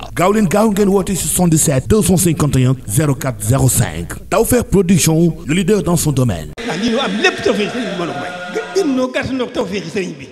waaw gaaw leen gaaw ngeen woote 77 251 04 05 Tawfekh Production le leader dans son domaine. ah lii am lépp tawfeex sëriñ bi mën a may.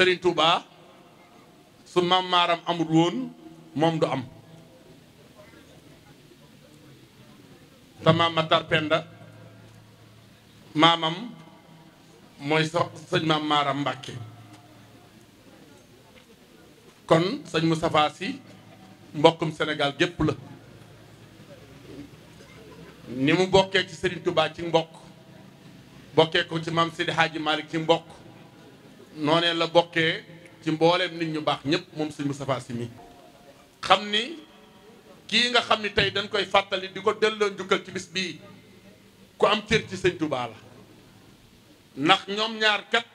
Serigne Touba su maam maaram amul woon moom du am te maam Matar maamam mooy so sëñ maam maaram Mbàkke kon sëñ Moustapha Sy mbokkum senegal gépp la ni mu bokkee ci sëriñ Touba ci mbokk bokkee ko ci maam Sidi Hadji Malick ci mbokk noonee la bokkee ci mbooleem nit ñu baax ñëpp moom sëñ Moustapha Sy mi xam ni kii nga xam ni tey dañ koy fàttali di ko delloo njukkal ci bis bii ku am cër ci sëñ Touba la ndax ñoom ñaar kat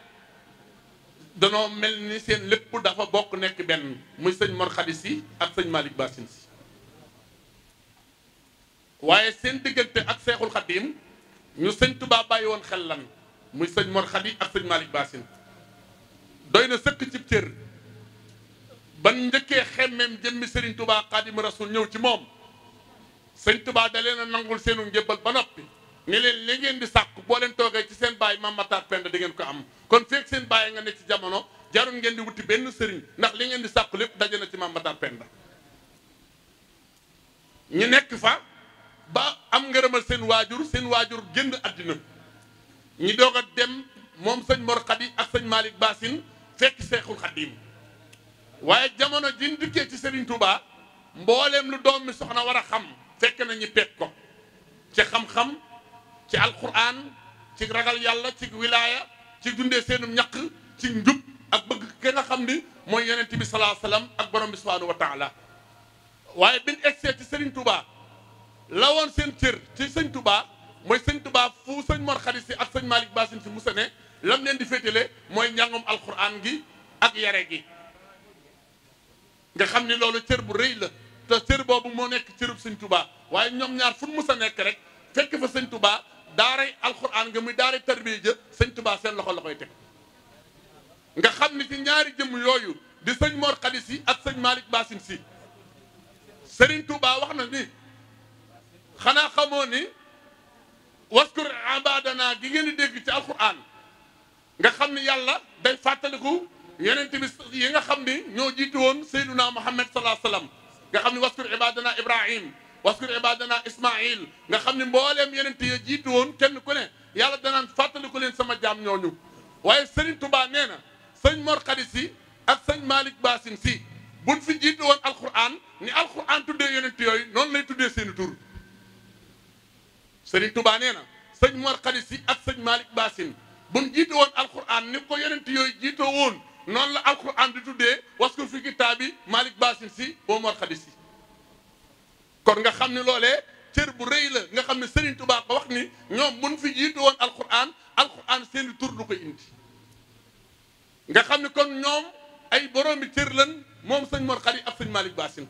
danoo mel ni seen lépp dafa bokk nekk benn muy sëñ Mor Khady Sy ak sëñ Malick Bassine si waaye seen diggante ak Seexul Xadiim ñu sëñ Touba bàyyi woon xel lan muy sëñ Mor Khady ak sëñ Malick Bassine doy na sëkk cib cër ban njëkkee xemmeem jëmmi Serigne Touba Xaadimu Rasul ñëw ci moom sëñ tubaa da leen a nangul seenu njëbbal ba noppi ne leen li ngeen di sàkk boo leen toogee ci seen baay Maam Matar Penda di ngeen ko am kon feeg seen baay nga ne ci jamono jarul ngeen di wuti benn sëriñ ndax li ngeen di sàkk lépp daje na ci Maam Penda ñu nekk fa ba am ngërëmal seen waajur seen waajur génn àddina ñi doog a dem moom sëñ Mor yi ak sëñ Malick Bassine fekk seexul xaddiim waaye jamono jiñ dikkee ci Serigne Touba mbooleem lu doom mi soxna war a xam fekk na ñu peeg ko ci xam-xam ci alquran ci ragal yàlla ci wilaaya ci dundee seenum ñaq ci njub ak bëgg ki xam ni mooy yonent bi salaa salaam ak borom bi subhaanahu wa taala waaye biñ egsee ci Serigne Touba lawoon seen cër ci sëñ Touba mooy sëñ Touba fu sëñ Mor Xarit si ak sëñ Malick Ba si musa ne lam leen di féetale mooy njàngum alxuraan gi ak yare gi nga xam ni loolu cër bu rëy la te cër boobu moo nekk cërub sëñ tubaa waaye ñoom ñaar fu mu a nekk rek fekk fa sëñ tubaa daaray alxuraan nga muy daaray tarbiya ja sëñ tubaa seen loxo la koy teg nga xam ni ci ñaari jëmm yooyu di sëñ Mor Khady si ak sëñ Malick Bassine si Serigne Touba wax na ni xanaa xamoo ni was waskur abadana gi ngeen di dégg ci alxuraan nga xam ni yàlla day fàttaliku yeneen tamit yi nga xam ni ñoo jiitu woon Seyduna Muhammad salaa salaam nga xam ni waskur ibadana Ibrahim waskur ibadana Ismail nga xam ni mbooleem yeneen yi jiitu woon kenn ku ne yàlla danaan fàttaliku leen sama jaam ñooñu waaye Serigne Touba nee na sëñ Mor Khady si ak sëñ Malick Bassine si buñ fi jiitu woon alquran ni alquran tuddee yonent yooyu noonu lay tuddee seen tur Serigne na sëñ Mor Khady ak sëñ Malick Bassine bu mu jiite woon alquran ni ko yonent yooyu jiitoo woon noonu la alquran di tuddee wasku fi kitaabi Malick Bassin si boo Mor Khady si kon nga xam ne loolee cër bu rëy la nga xam ne Serigne Touba ko wax ni ñoom mun fi jiitu woon alquran alquran seen i tur du ko indi. nga xam ne kon ñoom ay boroomi cër lan moom sëñ Mor Khady ak sëñ Malick Bassin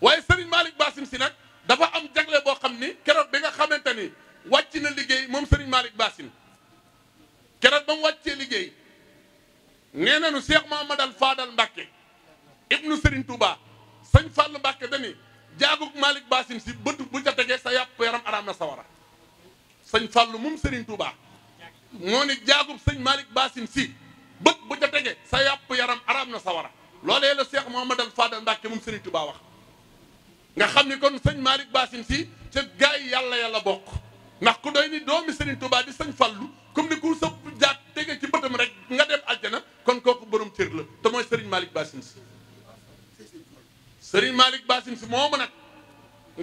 waaye Serigne Malick Bassin si nag dafa am jagle boo xam ni keroog bi nga xamante ni wàcc na liggéey moom Serigne Malick Bassin. keroog ba mu wàccee liggéey nee nañu Cheikh Mouhamadal Fadal Mbacke ibnu Serigne Touba sëñ Fallou Mbacke dani jaagug Malick Bassine si bët bu ca tegee sa yàpp yaram araam na sawara sëñ Fallou moom Serigne Touba moo ni jaagub sëñ Malick Bassine si bët bu ca tegee sa yàpp yaram araam na sawara loolee la Cheikh Mouhamadal Fadal Mbacke moom Serigne Touba wax nga xam ni kon sëñ Malick Bassine si ca gaay yàlla yàlla bokk ndax ku doy ni doomi Serigne Touba di sëñ Fallou comme ni ku sëpp tege ci bëtam rek nga dem aljana kon kooku borom cër la te mooy Serigne Malick Bassine Sy Serigne Malick Bassine nag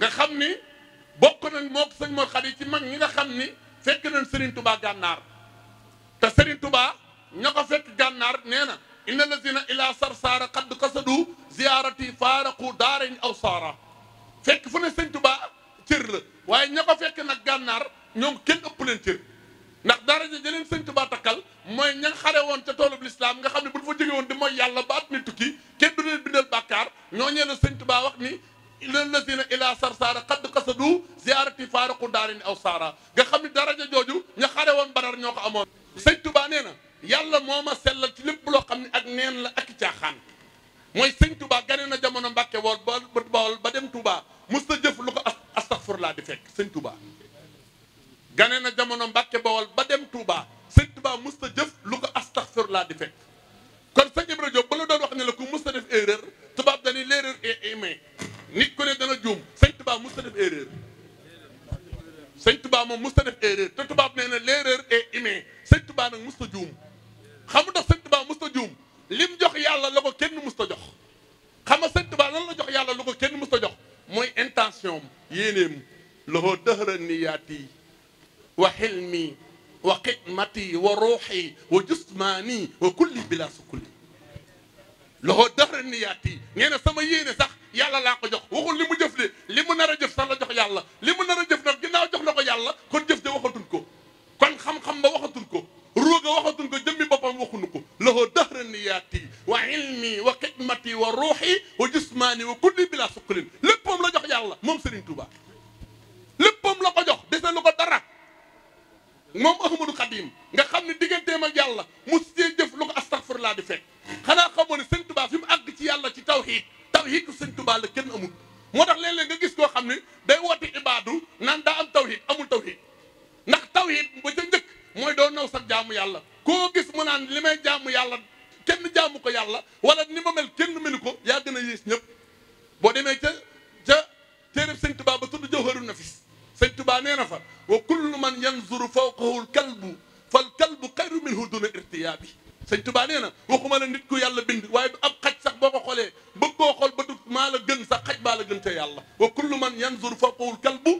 nga xam ni bokk nañ moo sëñ Mor Khady ci mag ñi nga xam ni fekk nañ Serigne Touba gànnaar te Serigne Touba ña ko fekk gànnaar nee na inna allazina ila sarsaara qad qasadu ziyaarati faaraqu daarayn aw saara fekk fu ne sëñ Touba cër la waaye ña ko fekk nag gànnaar ñoom kenn ëpp leen cër ndax daraja jëleen sëñ Tuubaa takkal mooy ña nga xare woon ca toolub lislaam nga xam ne bu fa jóge woon di mooy yàlla ba at mi tukki kenn du leen bindal bàkkaar ñooñee la sëñ Tuubaa wax ni lazina ila sarsaara xadd xasadu ziarati faaraqu daarin aw saara nga xam ne daraja jooju ña xare woon badar ñoo ko amoon sëñ Tuubaa nee na yàlla moo ma sellal ci lépp loo xam ne ak neen la ak caaxaan mooy sëñ Tuubaa gane na jamono woon wool ba ba dem Tuubaa mës ta jëf lu ko astaxfirullah di fekk sëñ Tuubaa gane na jamono Mbàkke Bawol ba dem Touba sëñ Touba musta jëf lu ko astaxfirullah di fekk kon sëñ Ibra Diop ba la doon wax ne la ku musta def erreur tubaab dañuy l'erreur est humaine nit ku ne dana juum sëñ Touba musta def erreur sëñ Touba moom musta def erreur te tubaab nee na l'erreur est humaine sëñ Touba nag musta juum xamu ndax sëñ Touba musta juum lim jox yàlla la ko kenn musta jox xam nga sëñ Touba lan la jox yàlla la ko kenn musta jox mooy intention am yéeneem loxoo wa xilmi wa xidmati wa ruuxi wa jusmaani wa kulli bila sukuli loxoo dara niyaati nee na sama yéene sax yàlla laa ko jox waxul li mu jëf de li mu nar a jëf sax la jox yàlla li mu nar a jëf nag ginnaaw jox na ko yàlla kon jëf de waxatul ko kon xam-xam ba waxatul ko ruuga waxatul ko jëmmi boppam waxunu ko loxoo dara niyaati wa ilmi wa xidmati wa ruuxi wa jusmaani wa kulli bila sukulin léppam la jox yàlla moom Serigne Touba léppam la ko jox dese lu ko dara moom Ahmadou Khadim nga xam ne digganteem ma yàlla mu see jëf lu ko astaghfirullah di fekk xanaa xamoo ne sëñ Tuubaa fi mu àgg ci yàlla ci tawhiid tawhiidu sëñ Tuubaa la kenn amul moo tax léeg-léeg nga gis koo xam ne day woote ibaadu naan daa am tawhiid amul tawhiid ndax tawhiid ba ca njëkk mooy doo naw sax jaamu yàlla koo gis mu naan li may jaamu yàlla kenn jaamu ko yàlla wala ni ma mel kenn melu ko yaa gën a yées ñëpp boo demee ca ca téereb sëñ Tuubaa ba tudd Jawharun Nafis sëñ Tuba nee na fa wa kullu man yanzuru fawqahu lkalbu falkalbu xayru minhu duna irtiyaabi sëñ Tuba nee na waxuma la nit ku yàlla bind waaye du ab xaj sax boo ko xoolee bëggoo xool ba du maa la gën sax xaj baa la gën te yàlla wa kullu man yanzuru fawqahu lkalbu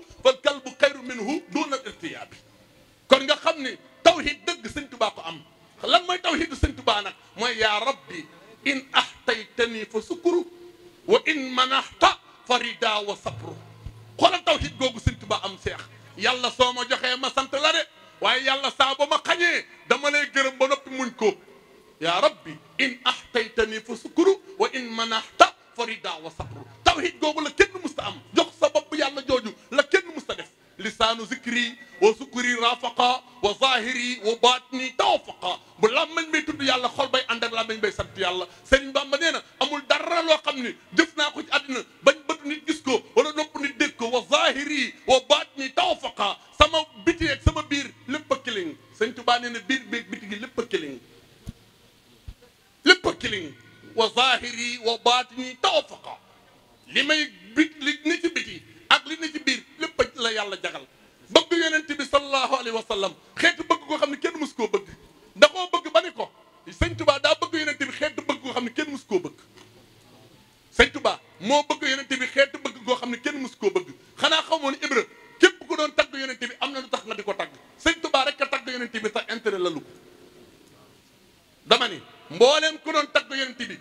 xanaa xamoon Ibra képp ku doon tagg yonent bi am na lu tax nga di ko tagg sëñ Tuubaa rek a tagg yonent bi tax intérêt la lu ko dama ni mbooleem ku doon tagg yonent bi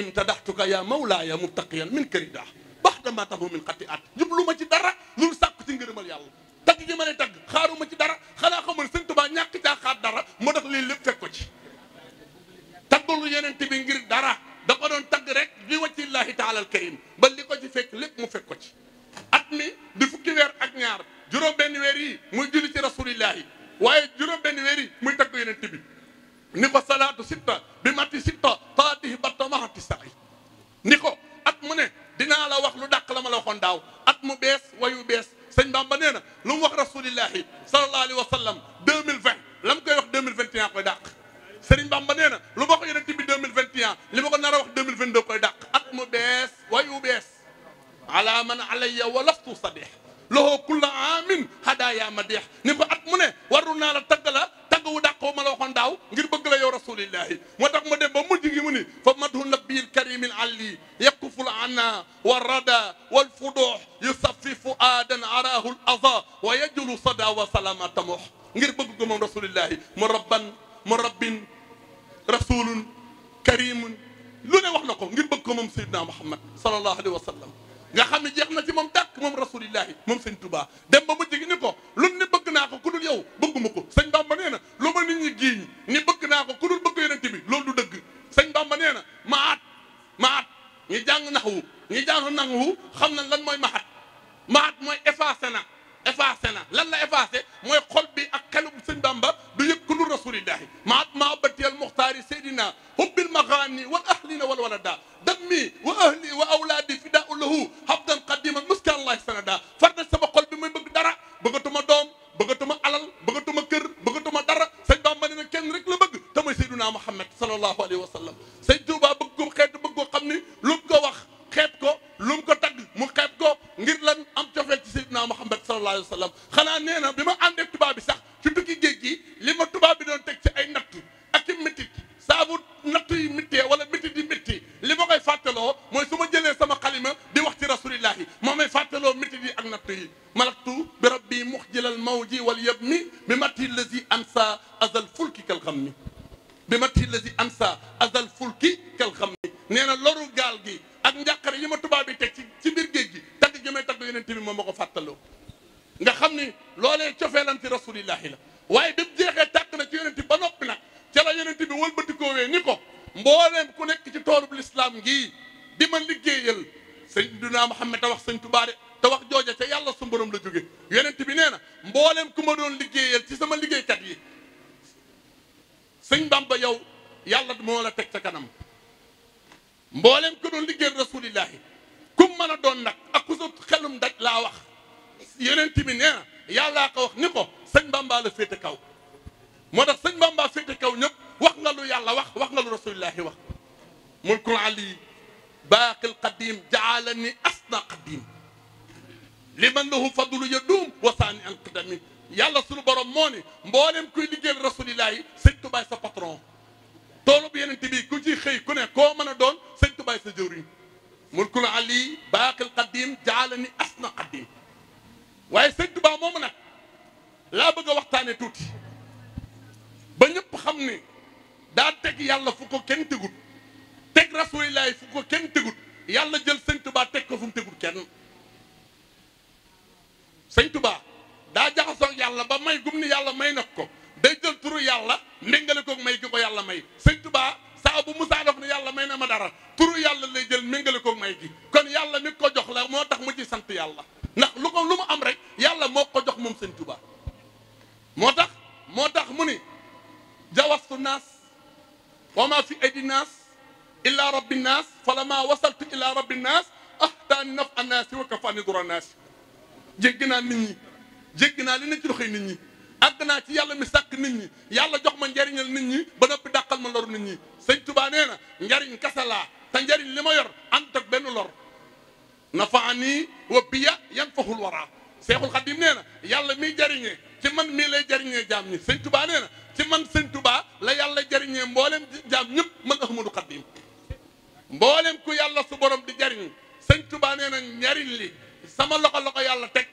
imtadaxtuka yaa mawlaaya mubtaqiyan min karidah baxda ma taxu min da koy dàq at mu bees wayu bees ala man alayya walaftu sadeex loxoo kulla amin hadaya ma deex ni Seydina Muhammad sallallahu alayhi wa sallam sëñ Tuubaa bëgg ko xeet bëgg ko xam ni lu mu ko wax xeet ko lu mu ko tagg mu xeet ko ngir lan am cofeel ci Seydina Muhammad sallallahu alayhi wa sallam xanaa nee na bi wax nga lu rasulillahi wax mulkul ali baaqil qadim jaalani asna qadim liman lahu fadlu yadum wasaani an qadami yàlla sunu borom moo ne mboolem kuy liggéeyal rasulillahi sëñ tubaay sa patron toolu bu yeneen bi ku ci xëy ku ne koo mën a doon sëñ tubaay sa jëwriñ mulkul ali baaqil qadim jaalani asna qadim waaye sëñ tubaa moomu nag laa bëgg a waxtaane tuuti ba ñëpp xam daa teg yàlla fu ko kenn tegut teg rasulilaay fu ko kenn yàlla jël sëñ tubaa teg ko fu mu tegut kenn sëñ tubaa daa jaxasoo yàlla ba may gum ni yàlla may nag ko day jël turu yàlla méngale ko may gi ko yàlla may sëñ tubaa saa bu musaa dox ni yàlla may na ma dara turu yàlla lay jël méngale ko may gi kon yàlla mi ko jox la moo tax mu ci sant yàlla ndax lu ko lu mu am rek yàlla moo ko jox moom sëñ tubaa moo tax moo tax mu ni jawastu naas wa ma fi aydi naas illa rabbi naas falamma wasaltu ila rabbi naas ahtaani naf a naasi wa kafaani dura naasi jégg naa nit naa li ne ci doxee nit ñi àgg naa ci yàlla mi sàkk nit ñi yàlla jox ma njariñal nit ñi ba noppi dàqal ma loru nit ñi sëñ Tuubaa na njariñ kasa laa te njariñ li ma yor ànd ak benn lor nafaani wa biya yan fahul waraa seexul xadim nee na yàlla miy jariñee ci man mii lay jariñee jaam ñi sëñ Tuubaa na ci man sëñ Touba la yàlla jariñee mboolem jaam ñëpp man Ahmadou Khadim mboolem ku yàlla su di jariñ sëñ Touba nee na njariñ li sama loxo loxo yàlla teg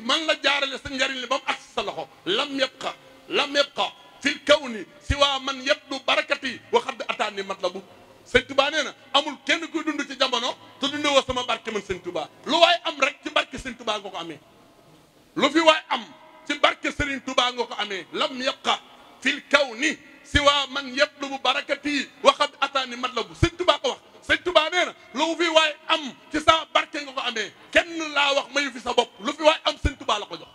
man la jaarale sa njariñ li ba ak sa loxo lam yabqa lam yabqa fil kawni si waa man yabdu barakati wa xadd ataani matlabu sëñ Touba nee na amul kenn kuy dund ci jamono te wa sama barke man sëñ lu waaye am rek ci barke sëñ Touba nga ko amee lu fi waay am ci barke Serigne Touba nga ko amee lam fi l kawni siwa man yatlubu barakati waxad ataani matlabu sëñ tubaa ko wax sëñ tubaa nee na lu fi waay am ci sa barke nga ko amee kenn laa wax mayu fi sa bopp lu fi waay am sëñ tubaa la ko jox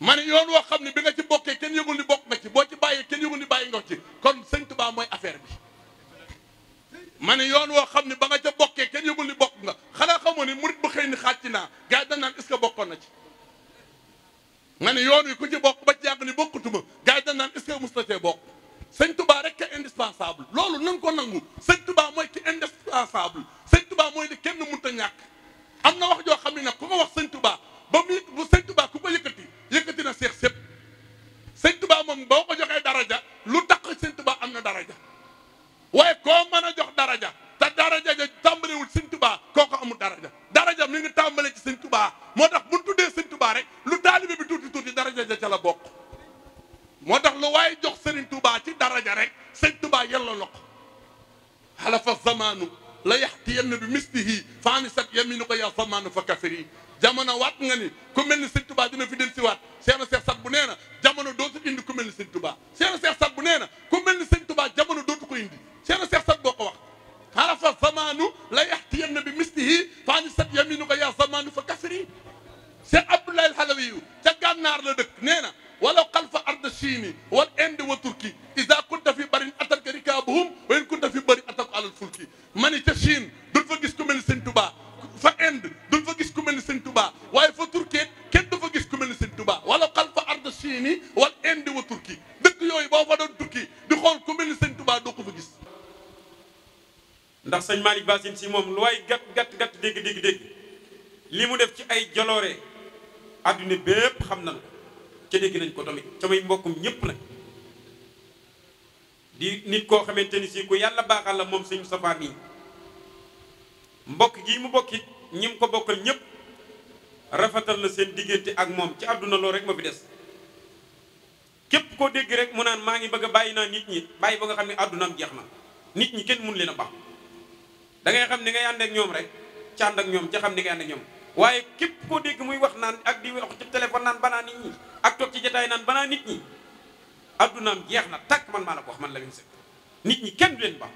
ma ne yoon woo xam ne bi nga ci bokke kenn yëgul ni bokk nga ci ci bàyyee kenn yëgul ni bàyyi nga ci kon sëñ tubaa mooy affaire bi ma ne yoon woo xam ne ba nga ca bokkee kenn yëgul ni bokk nga xanaa xamoo ni murit bu xëy ni xàcc naa gars yi dañ bokkoon na ci nga ne yoon wi ku ci bokk ba jàgg ni bokkutuma gars yi dañ naan est-ce que mustatee bokk sëñ tubaa rek a indispensable loolu nan ko nangu sëñ tubaa mooy ki indispensable sëñ tubaa mooy li kenn mënta ñàkk am na wax joo xam ne nag ku ko wax sëñ baa ba muy bu sëñ baa ku ko yëkkati yëkkati na seex sépp sëñ tubaa moom boo ko joxee daraja lu tax sëñ tubaa am na daraja waaye koo mën a jox daraja te daraja ja tàmbalewul sëñ tubaa kooku amul daraja daraja mi ngi tàmbale ci sëñ tubaa moo tax bu tuddee sëñ tubaa rek daraja ja ca la bokk moo tax lu waaye jox Serigne Touba ci daraja rek Serigne Touba yelloo na ko xalafa zamaanu la yaxtiyanna bi mislihi faanisat yaminuka yaa zamaanu fa kafiri jamono waat nga ni ku mel ni Serigne Touba dina fi del si waat seena seex sat bu nee na jamono dootu indi ku mel ni Serigne Touba seena seex sat bu nee na ku mel ni Serigne Touba jamono dootu ko indi seena seex sat boo ko wax xalafa zamaanu la yaxtiyanna bi mislihi faanisat yaminuka yaa zamaanu fa kafiri Cheikh Abdoulaye Al Halawi ca gànnaar la dëkk nee na walaw xalfa arda chiini wal inde wa turki isa kunta fi barin atak rikaabuhum wa in kunta fi bari atak alal fulki ma ni ca Chine duñ fa gis ku mel ni sëñ Touba fa inde duñ fa gis ku mel ni sëñ Touba waaye fa turkeet kenn du fa gis ku mel ni sëñ Touba walaw xalfa arda chiini wal inde wa turki dëkk yooyu boo fa doon tukki di xool ku mel ni sëñ Touba doo ko fa gis ndax sëñ Malick Bassine si moom lu waay gàtt gàtt gàtt dégg dégg dégg li mu def ci ay joloore adduna bépp xam nañ ko ca dégg nañ ko tamit samay mbokkum ñëpp nag di nit koo xamante ni si ko yàlla baaxal la moom suñu safaa yi mbokk gi mu bokkit ñi mu ko bokkal ñëpp rafetal na seen diggante ak moom ci àdduna loolu rek ma fi des képp koo dégg rek mu naan maa ngi bëgg bàyyi naa nit ñi bàyyi ba nga xam ne àddunaam jeex na nit ñi kenn mun leen a baax da ngay xam ni ngay ànd ñoom rek ca ànd ak ñoom ca xam ni ngay ànd ñoom waaye képp koo dégg muy wax naan ak di wax ci téléphone naan banaa nit ñi ak toog ci jataay naan banaa nit ñi addunaam jeex na tàkk man maa la wax man la leen sëg nit ñi kenn du leen baax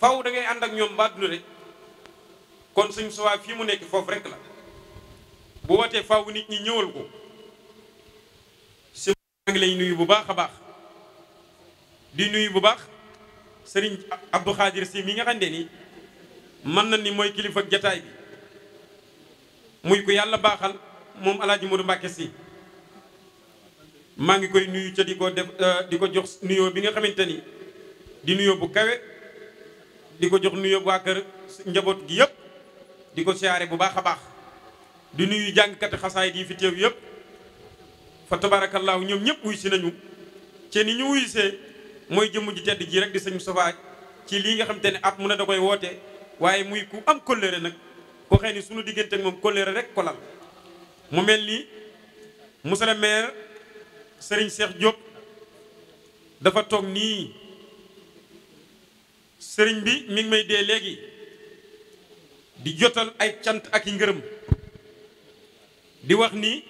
faw da ànd ak ñoom ba adduna rek kon suñ suwaa fii mu nekk foofu rek la bu wootee faw nit ñi ñëwal ko si maa ngi lay nuyu bu baax a baax di nuyu bu baax sëriñ Abdou Khadir si mi nga xam ne nii mën na ni mooy kilifa jataay bi muy ko yàlla baaxal moom alaaji Modou Mbacke si maa ngi koy nuyu ca di ko def euh, di ko jox nuyoo bi nga xamante ni di nuyoo bu kawe di ko jox nuyoo waa kër njaboot gi yëpp di ko siyaare bu baax a baax di nuyu jàngkati xasaay yi fi teew yëpp fa tabaarakallaahu ñoom ñëpp wuy si nañu ci ni ñu wuysee mooy jëmm ji tedd ji rek di sañu sofaa ci lii nga xamante ne at mu ne da koy woote waaye muy ku am kóllëre nag ko ni suñu diggante moom kóllëre rek ko mu mel ni monsieur le sëriñ seex Cheikh dafa toog nii sëriñ bi mi ngi may dee léegi di jotal ay cant ak i ngërëm di wax ni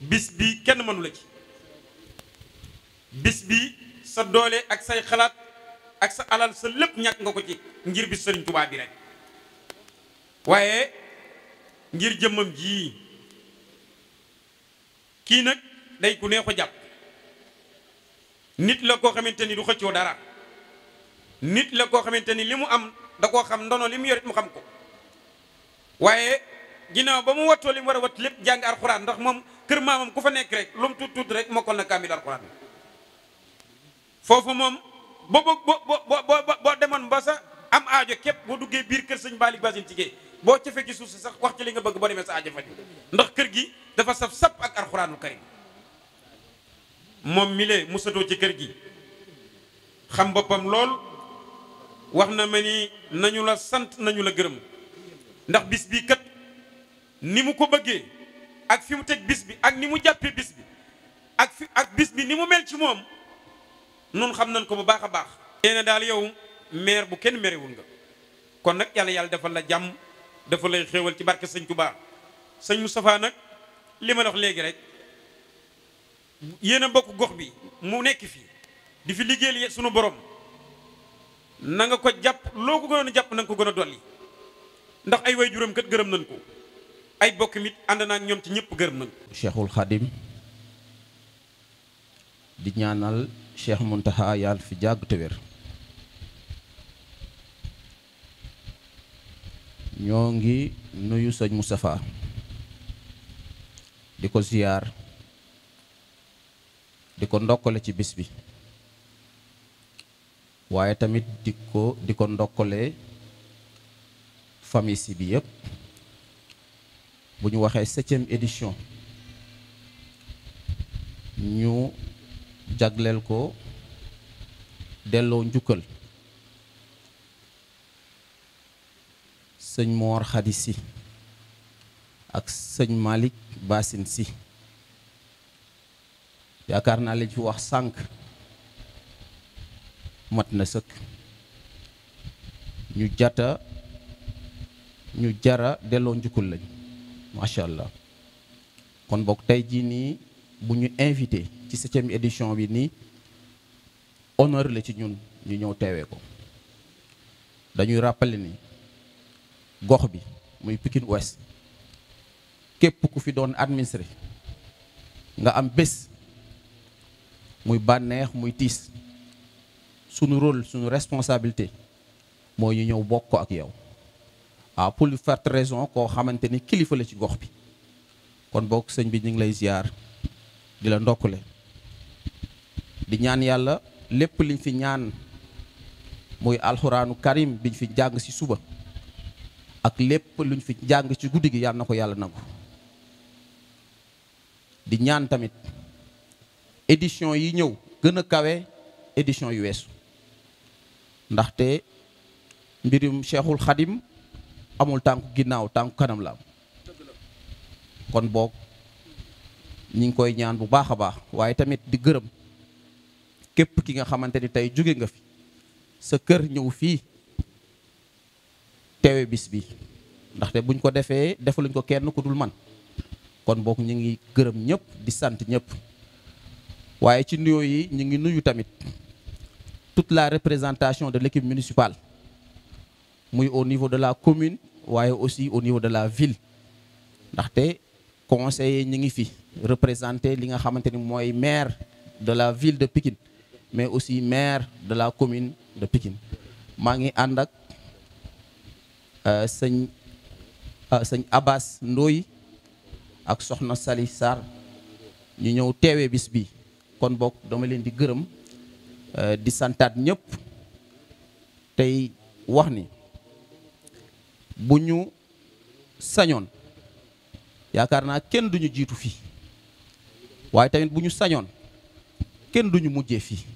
bis bi kenn mënu la ci bis bi sa doole ak say xalaat ak sa alal sa lépp ñàkk nga ko ci ngir bi sëriñ Tuubaa bi rek waaye ngir jëmmam jii kii nag day ku neexu jàpp nit la koo xamante ni du xëccoo dara nit la koo xamante ni li mu am da koo xam ndono li mu yorit mu xam ko waaye ginnaaw ba mu wattoo li mu war a watt lépp jàng alxuraan ndax moom kër maamam ku fa nekk rek lu mu tuut tuut rek mokkal na kaamil alxuraan foofu moom bo bo bo bo bo demoon ba sa am aajo képp boo duggee biir kër sëñ Balick Basine boo cafee gi suuf si sax wax ci li nga bëgg boo demee sa aajo faju ndax kër gi dafa saf sap ak alxuraanul karim moom mi lee musatoo ci kër gi xam boppam lool wax na ma ni nañu la sant nañu la gërëm ndax bis bi kat ni mu ko bëggee ak fi mu teg bis bi ak ni mu jàppee bis bi ak fi ak bis bi ni mu mel ci moom nun xam nañ ko bu baax a baax nee na daal yow meer bu kenn merewul nga kon nag yàlla yàlla defal la jàmm dafa lay xéewal ci barke sëñ Touba sëñ Moustapha nag li ma wax léegi rek yéen a bokk gox bi mu nekk fii di fi liggéeyal sunu borom nanga ko jàpp loo ko gënoon a jàpp na ko gën a dolli ndax ay way juróom kat gërëm nañ ko ay bokk mit ànd naa ak ñoom ci ñëpp gërëm nañ ko. Cheikhul di ñaanal Cheikh Mountakha yàlla fi jàgg te ñoo ngi nuyu sëñ Moustapha di ko ziyaar di ko ndokkale ci bis bi waaye tamit di ko di ko ndokkale famille bi yëpp bu ñu waxee septième édition ñu jagleel ko delloo njukkal sëñ Moor Xadi si ak sëñ malik Basin si yaakaar naa lañ fi wax sànq mat na sëkk ñu jata ñu jara delloo njukkul lañ macha allah kon boog tey jii nii bu ñu invité ci septième édition bi nii honneur la ci ñun ñu ñëw teewee ko dañuy rappeler ni gox bi muy Pikine Ouest képp ku fi doon administré nga am bés muy bànneex muy tiis sunu rôle sunu responsabilité moo ñu ñëw bokk ko ak yow ah pour lu faire raison koo xamante ni kilifa la ci gox bi kon bokk sëñ bi ñu ngi lay ziar di la ndokkule di ñaan yàlla lépp liñ fi ñaan muy alxuraanu karim biñ fi jàng ci suba ak lépp luñ fi jàng ci guddi gi yàlla na ko yàlla nangu di ñaan tamit édition yi ñëw gën a kawe édition yu weesu ndaxte mbirum Cheikhul xadim amul tànku ginnaaw tànku kanam la am kon boog ñu ngi koy ñaan bu baax a baax waaye tamit di gërëm képp ki nga xamante ni tey jóge nga fi sa kër ñëw fii teewe bis bi ndaxte buñ ko defee defaluñ ko kenn ku dul man kon boog ñu ngi gërëm ñëpp di sant ñëpp waaye ci nuyoo yi ñu ngi nuyu tamit toute la représentation de l'équipe municipale muy au niveau de la commune waaye aussi au niveau de la ville ndaxte conseiller ñu ngi fi représenter li nga xamante ni mooy maire de la ville de Pikine mais aussi maire de la commune de Pikine maa ngi ànd ak Euh, sëñ euh, sëñ Abbas Ndoy ak soxna Sali Sarr ñu ñëw teewe bis bi kon bokk dama leen di gërëm euh, di santaat ñépp tey wax ni bu ñu sañoon yaakaar naa kenn duñu jiitu fii waaye tamit bu ñu sañoon kenn duñu mujjee fii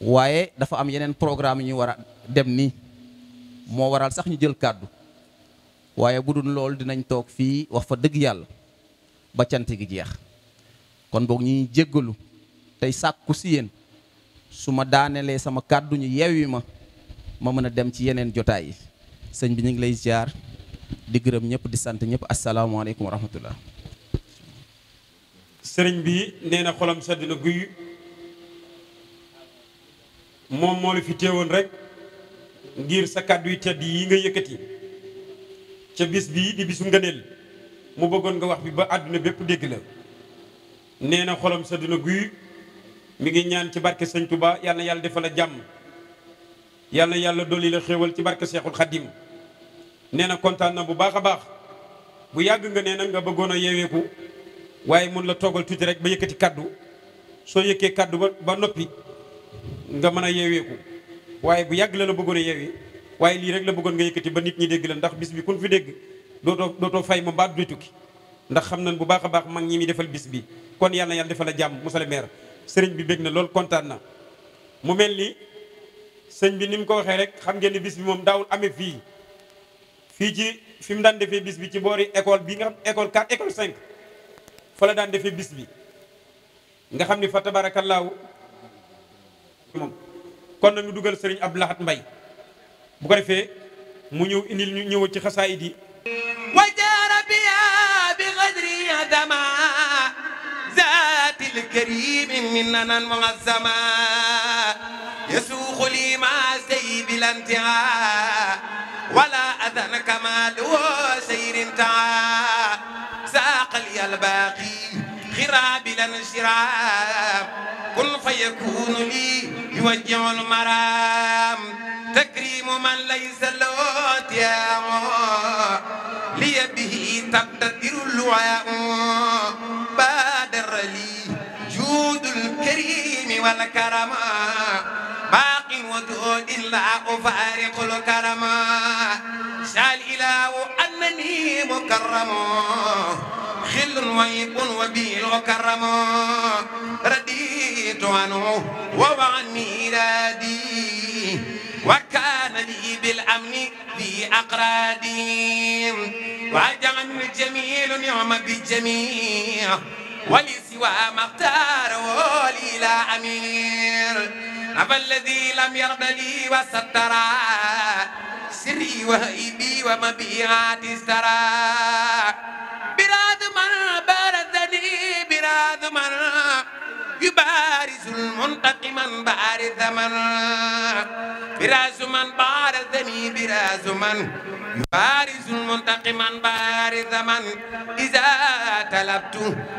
waaye dafa am yeneen programme ñu war a dem nii moo waral sax ñu jël kàddu waaye bu dul loolu dinañ toog fii wax fa dëgg yàlla ba cant gi jeex kon boog ñi jéggalu tey sàkku si yéen su ma daaneelee sama kàddu ñu yewwi ma ma mën a dem ci yeneen jotaay yi sëñ bi ñu ngi lay ziar di gërëm ñëpp di sant ñëpp asalaamaaleykum wa rahmatullah sëriñ bi nee na xolam sedd na guy moom moo la fi teewoon rek ngir sa kàddu yu tedd yi nga yëkkati ca bis bii di bisu ngëneel mu bëggoon nga wax bi ba àdduna bépp dégg la nee na xolam sa dina guy mu ngi ñaan ci barke sëñ Touba yàlla yàlla defal la jàmm yàlla yàlla dolli la xéewal ci barke Seexul Xaddim nee na kontaan na bu baax a baax bu yàgg nga nee nag nga bëggoon a yeeweeku waaye mun la toogal tuuti rek ba yëkkati kàddu soo yëkkee kàddu ba ba noppi nga mën a yeeweeku waaye bu yàgg la la bëggoon a yewi waaye lii rek la bëggoon nga yëkkati ba nit ñi dégg la ndax bis bi kun fi dégg dootoo dootoo fay ma mbaat du tukki ndax xam nañ bu baax a baax mag ñi mi defal bis bi kon yàlla na yàlla defal la jàmm monsieur le maire sëriñ bi bég na loolu kontaan na mu mel ni sëñ bi ni mu ko waxee rek xam ngeen ni bis bi moom daawul amee fii fii ci fi mu daan defee bis bi ci boori école bi nga xam école 4 école 5 fa la daan defee bis bi xam ni fa tabaarakallaahu moom kon nag ñu dugal sëriñ Abdou Lahad Mbaye bu ko defee mu ñëw indil ñu ñëw ci xasaayid yi wa jaara biya bi xadri dama zaatil karimi min nanan muazzama yasuuxu li ma sey bi lantia wala adan kama lu seyrin taa saaqal yalbaaqi xiraabilan shiraam kun fa yakunu lii يوجه المرام تكريم من ليس له تيام لي به تبتدر اللعاء بادر لي جود الكريم والكرم باق ودود لا أفارق الكرم سأل إله أنني مكرم خل ويب وبيل وكرم رديء رضيت عنه ووعن ميلادي وكان لي بالأمن ذي أقرادي وجعل الجميل نعم بالجميع ولسوى ما اختاره لي لا أمير فالذي لم يرض لي وستر سري وهيبي ومبيعاتي استرى براد من بارزني براد من يبارك منتقما بار زمن براز من بارزني براز من يبارز منتقما بار زمن إذا طلبت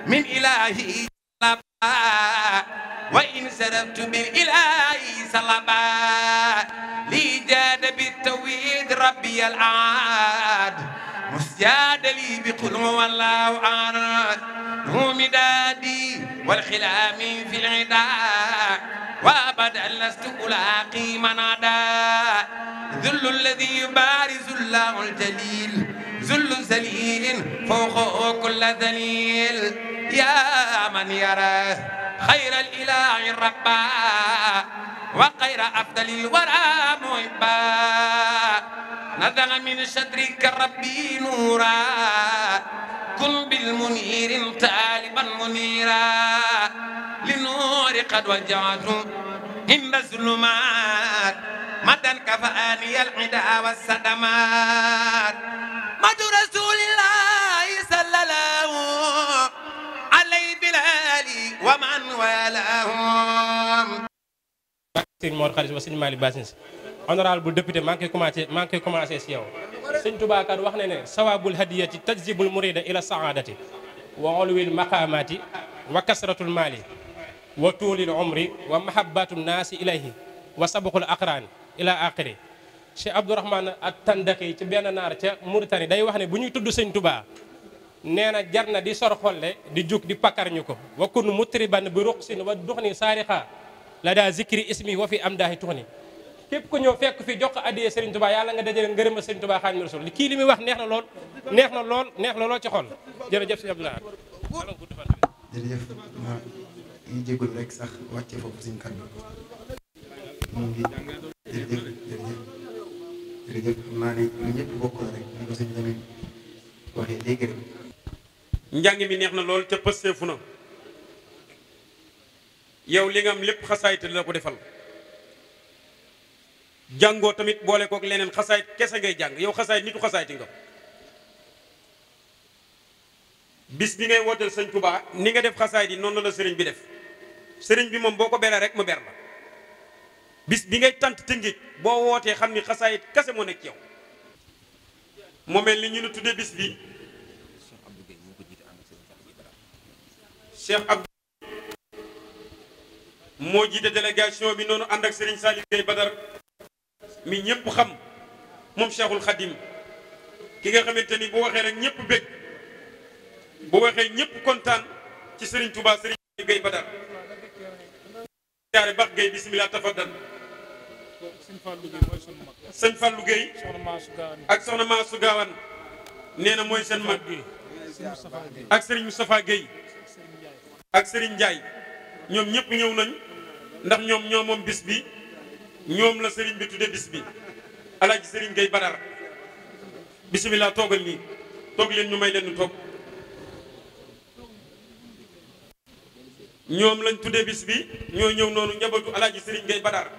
من إلهي طلبا وإن سربت بالإله سلبا لي جاد بالتوحيد ربي العاد مسجاد لي بقل والله أعلم هم دادي والخلام في العداء وابدا لست الاقي منادا ذل الذي يبارز الله الجليل ذل ذليل فوق كل ذليل يا من يرى خير الاله الربا وخير افضل الورى محبا نزغ من شدرك ربي نورا كن بالمنير طالبا منيرا لنور قد وجعته عند الظلمات مدى كفاني العدا والصدمات مد رسول الله صلى الله عليه بالالي ومن والاهم سيدي مور خالد وسيدي مالي باسنس honorable député maa ngi koy commencé maa ngi koy commencé si yow sëñ wax na ne sawaabul hadiyati tajzibul murida ila saadati wa ulwil maqaamaati wa kasratul maali wa tuulil umri wa mahabbatu naasi ilayhi wa sabqul aqraani ila aaxiri Cheikh Abdourahman at Tandaki ci benn naar ca day wax ne bu ñuy tudd sëñ Tuubaa nee na jar na di sor di jug di pakkar ñu ko wa kun mutriban bi ruqsin wa duxni saarixa la daa zikri ismi wa képp ko ñëw fekk fi jox ko addiyee Serigne Touba yàlla nga dajale ngërëm a Serigne Touba Xaadimu Rasuul kii li muy wax neex na lool neex na lool neex na lool ci xol jërëjëf Serigne Abdoulaye jërëjëf ma ngi jégalu rek sax wàcce foofu suñu ko sëñ Lamin waxee léegi rek njàng mi neex na lool te pësteefu na yow li nga am lépp xasaayte la ko defal jàngoo tamit boole kook leneen xasaayit kese ngay jàng yow xasaayit nitu xasaayiti nga bis bi ngay wooteel sëñ Touba ni nga def xasaayit yi noonu la sëriñ bi def sëriñ bi moom boo ko beree rek mu ber la bis bi ngay tant tëngéej boo wootee xam ni xasaayit kese moo nekk yow moo mel ni ñu nu tuddee bis bi Cheikh Abdou moo jiite bi noonu ànd ak sëriñ Saliou Gueye Badar mi ñëpp xam moom Cheikhul Khadim ki nga xamante ni bu waxee rek ñëpp bég bu waxee ñëpp kontaan ci Serigne Touba Serigne Gueye Badar jaare bax Gueye bismillah tafaddal sëñ Fallou Gueye ak soxna Maasu na mooy seen mag ak Serigne Moustapha Gueye ak Serigne Ndiaye ñoom ñëpp ñëw nañ ndax ñoom ñoo bis bi ñoom la sëriñ bi tudde bis bi alaaji sëriñ gay badar bisimilah toogal nii toog leen ñu may leen ñu ñoom lañ tudde bis bi ñoo ñëw noonu njabootu alaaji sëriñ gay badar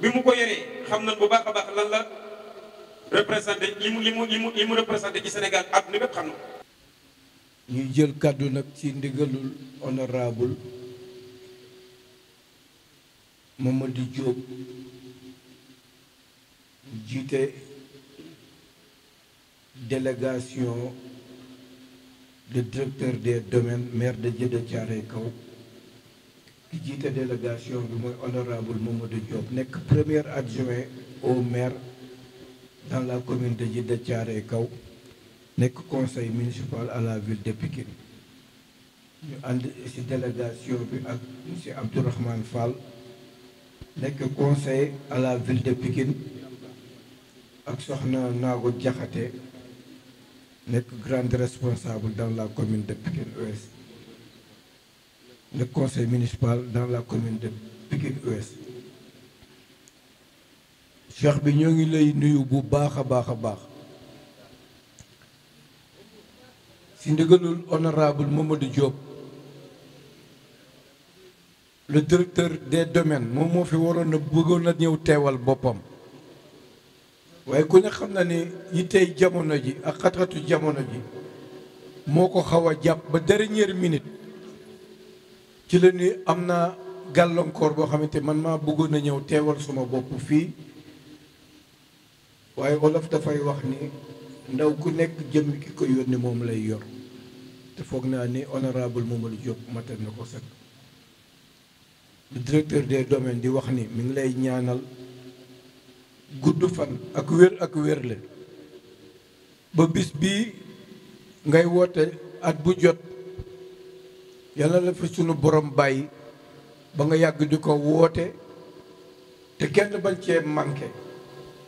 bi mu ko yoree xam na bu baax a baax lan la représenté li mu li mu li mu li mu représenté ci Sénégal àdduna bépp xam na ñuy jël kàddu nag ci ndigalul honorable Mamadou Diop jiite délégation de directeur des domaines maire de Djeddah Thiaroye Kaw ki jiite délégation bi mooy honorable Mamadou Diop nekk première adjoint au maire dans la commune de Djeddah Thiaroye Kaw nekk conseil municipal à la ville de Pikine ñu ànd ci délégation bi ak monsieur Abdourahmane Fall nekk conseil à la ville de Pikine ak soxna Naago Jaxate nekk grande responsable dans la commune de Pikine Ouest le conseil municipal dans la commune de Pikine Ouest cheikh bi ñoo ngi lay nuyu bu baax a baax a baax si ndigalul honorable Mamadou Diop le directeur des domaines moom moo fi waroon na bëggoon na ñëw teewal boppam waaye ku ne xam na ni yittey jamono ji ak xat-xatu jamono ji moo ko xaw a jàpp ba dernière minute ci la ni am na gàllankoor boo xamante man maa bëggoon a ñëw teewal suma bopp fii waaye olof dafay wax ni ndaw ku nekk jëm ki ko yónni moom lay yor te foog naa ni honorable Mamadou Diop matal na ko sëkk directeur des domaines di wax ni mu ngi lay ñaanal gudd fan ak wér ak wérle ba bis bii ngay woote at bu jot yàlla la fi sunu borom bàyyi ba nga yàgg di ko woote te kenn bañ cee manqué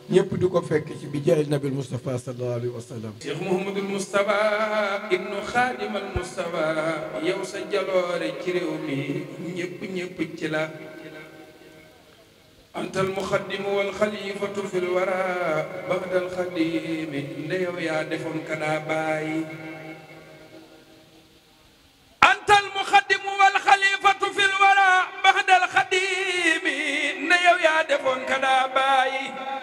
ñëpp du ko fekk ci bi jël nabil Moustapha sallallahu alayhi wa sallam. Cheikh Mouhamadul Moustapha ibnu Xaadimal Moustapha yow sa jaloore ci réew mi ñëpp ci la. antal muxaddimu wal xalifatu fil wara baxdal xadimi nde yow yow yaa defoon kadaa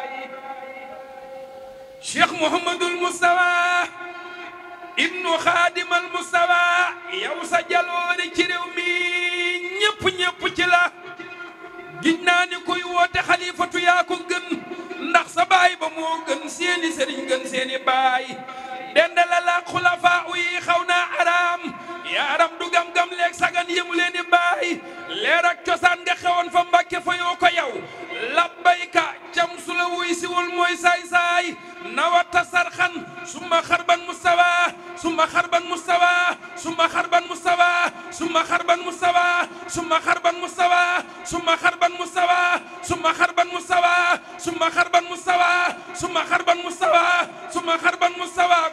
cheikh Mouhamadul Moustapha ibnu Xaadimal Moustapha yow sa jaloore ci réew mi ñëpp ñëpp ci la gis naa ni kuy woote xalifatu yaa ko gën ndax sa baay ba moo gën seeni sëriñ gën seeni baay dend la la xulafaa yi xaw naa araam yaaram du gam-gam leeg sagan yëmu baay leer cosaan nga xewoon fa mbàkke fa yoo ko yow labbayka cam su la wuy siwul شيخا ثم خربا مستواه ثم خربا مستواه ثم خربا مستواه ثم خربا مستواه ثم خربا مستواه ثم خربا مستواه ثم خربا summa xarban mustawa summa xarban mustawa summa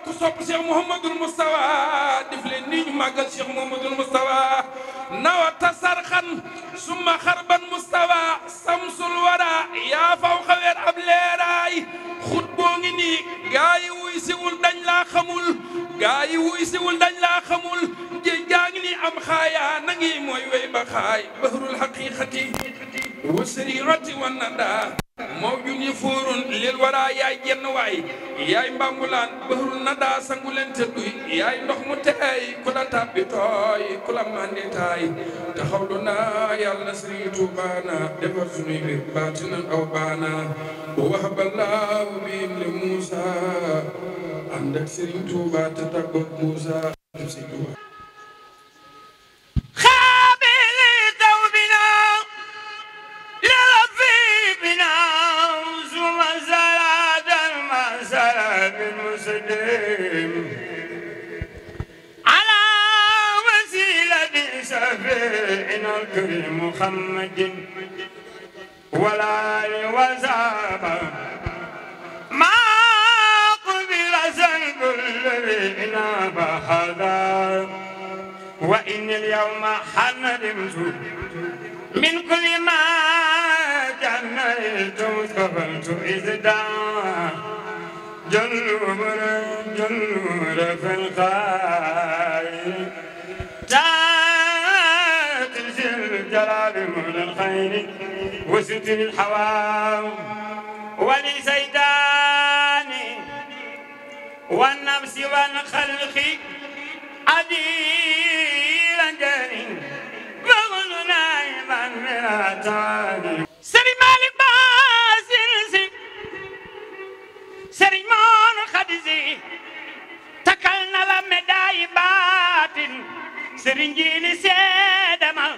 ku sopp cheikh mouhamadul mustawa def nii ñu màggal cheikh mouhamadul mustawa nawata sarxan summa xarban mustawa samsul wara yaa faw xaweer ab leeraay xut boo ngi nii gaa yi wuy siwul dañ laa xamul gaa yi wuy siwul dañ laa xamul ji jaa ngi nii am xaaya na ngi mooy wey ba xaay bahrul haqiqati wa sariirati wa nada mawjun yi fóorun lil waraa yaay jenn waay yaay mbambulaan bëhrul na daa sangu leen yaay ndox mu teey ku la tàbbi ku la màndi taxaw lu naa yàlla na sëriñ tuubaana defar sunuy biir baatinan aw baana wax balaaw biin li muusa ànd ak sëriñ tuubaa te tàggoog muusa sëriñ tuubaa ذكر محمد ولا وزاب ما قبل زنب الذين بهذا وإن اليوم حنرمت من كل ما جنيت قبلت إزداد جنور جنور في الخير وستر الحوام ولسيدان والنفس والخلق عديل جاري فغل نائما من أتاني سري مالك باسرسي سري مان خدزي تكلنا لمداي باتن سرنجيني سيدما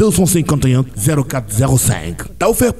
251 04 05 Tawfekh